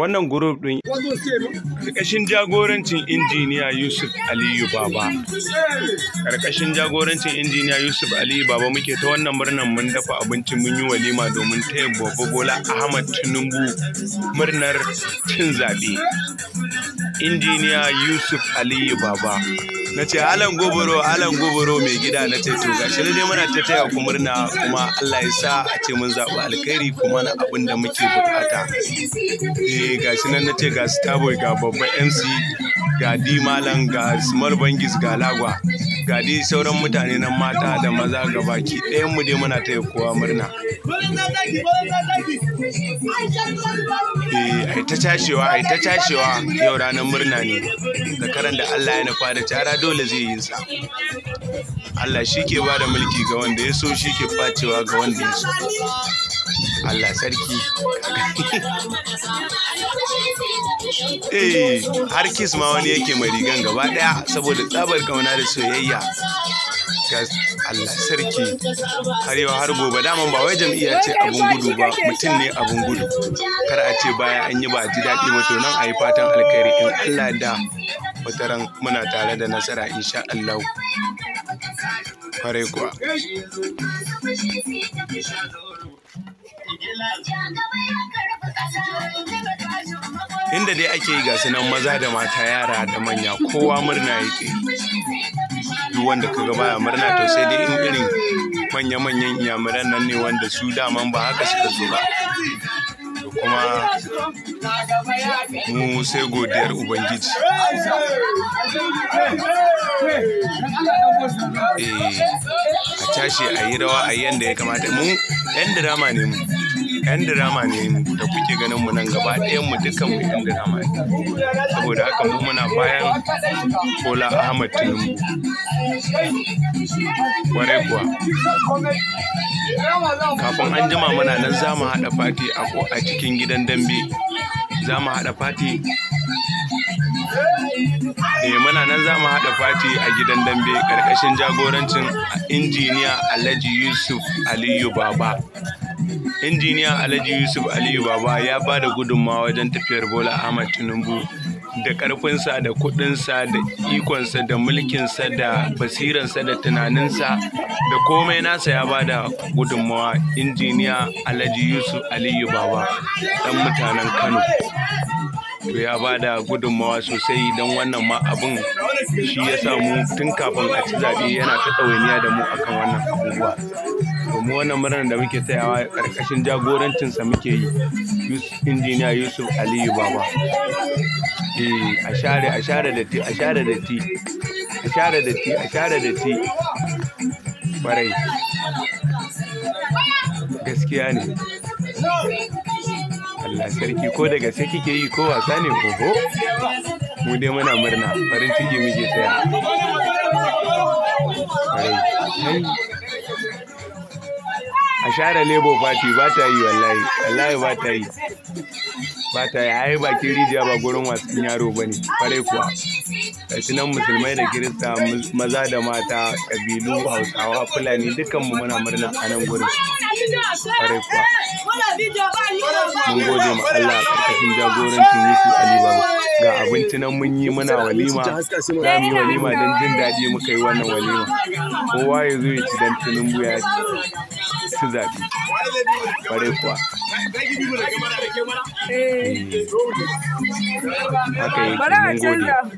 wannan group din karkashin jagorancin injiniya yusuf aliyu baba karkashin jagorancin injiniya yusuf aliyu baba muke ta wannan murnar mun dafa abincin mun yi walima domin taya babba bola ahmad tinubu murnar cin zaɓe injiniya yusuf aliyu baba na ce alan goboro alan goboro mai gida na ce to gashi dai muna ta taya ku murna kuma Allah ya sa a ce mun zaɓi alkhairi kuma na abin da muke bukata eh gashi nan na ce ga Starboy ga babban MC ga D Malam ga Small Bangis ga Lagwa gadi sauran mutane nan mata da maza ga baki ɗayan mu dai muna ta kowa murna eh ai ta cashewa ai ta cashewa yau ranar murna ne zakaran da Allah ya nufa da cara dole zai yi sa Allah shi ke ba da mulki ga wanda ya so shi ke facewa ga wanda ya so Allah sarki eh har kis ma wani yake mai rigan gaba ɗaya saboda tsabar kauna da soyayya Gas Allah sarki har yau har gobe daman ba wai jam'iyya ce abun gudu ba mutum ne abun gudu kar a ce baya an yi ba ji daɗi ba to nan a yi fatan alkhairi in Allah da ran muna tare da nasara insha Allah kwarai kuwa Thank you. inda dai ake yi gasu nan maza da mata yara da manya kowa murna yake duk wanda ka gaba baya murna to sai dai in irin manya-manyan iyamuran nan ne wanda su daman ba haka suka zo ba kuma mu sai godiyar ubangiji eh, a tashi a yi rawa a yanda ya kamata mu 'yan dirama ne mu 'yan dirama ne da kuke ganin mu nan gaba ɗayan mu dukkan mu 'yan dirama ne saboda haka mu muna bayan kola Ahmad Tinubu kwarai kuwa kafin an jima mana nan za mu haɗa fati a cikin gidan dambe za mu haɗa fati Eh muna nan za mu haɗa fati a gidan dambe ƙarƙashin jagorancin injiniya Alhaji Yusuf Aliyu Baba. injiniya alhaji yusuf aliyu baba ya ba da gudunmawa wajen tafiyar bola ahmad tinubu da ƙarfinsa da kuɗinsa da ikonsa da mulkinsa da basiransa da tunaninsa da komai nasa ya ba da gudunmawa injiniya alhaji yusuf aliyu baba ɗan mutanen kano to ya ba da gudunmawa sosai don wannan ma abin shi ya samu tun kafin a ci zaɓe yana ta ɗawainiya da mu akan wannan abubuwa domin wannan murnar da muke tsayawa karkashin jagorancinsa muke yi injiniya yusuf aliyu baba eh a share a share da ti a share da ti a share da ti a share da ti barai gaskiya ne Allah sarki ko da gaske kike yi ko wasa ne ko mu dai muna murna farin ciki muke tsaya you. a share labor party ba ta yi wallahi wallahi ba ta yi ba ta yi ai bakin rijiya ba gurin wasan yaro ba ne kwarai kuwa gashi nan musulmai da kirista maza da mata kabilu hausawa fulani dukkan mu muna murna a nan gurin fare kuwa mun gode ma Allah a ƙarƙashin jagorancin Yusuf Ali Baba ga abinci nan mun yi muna walima za mu yi walima don jin daɗi muka yi wannan walima kowa ya zo ya ci don tunin buya ci zaɓe ƙwarai kuwa eh. haka yake mun gode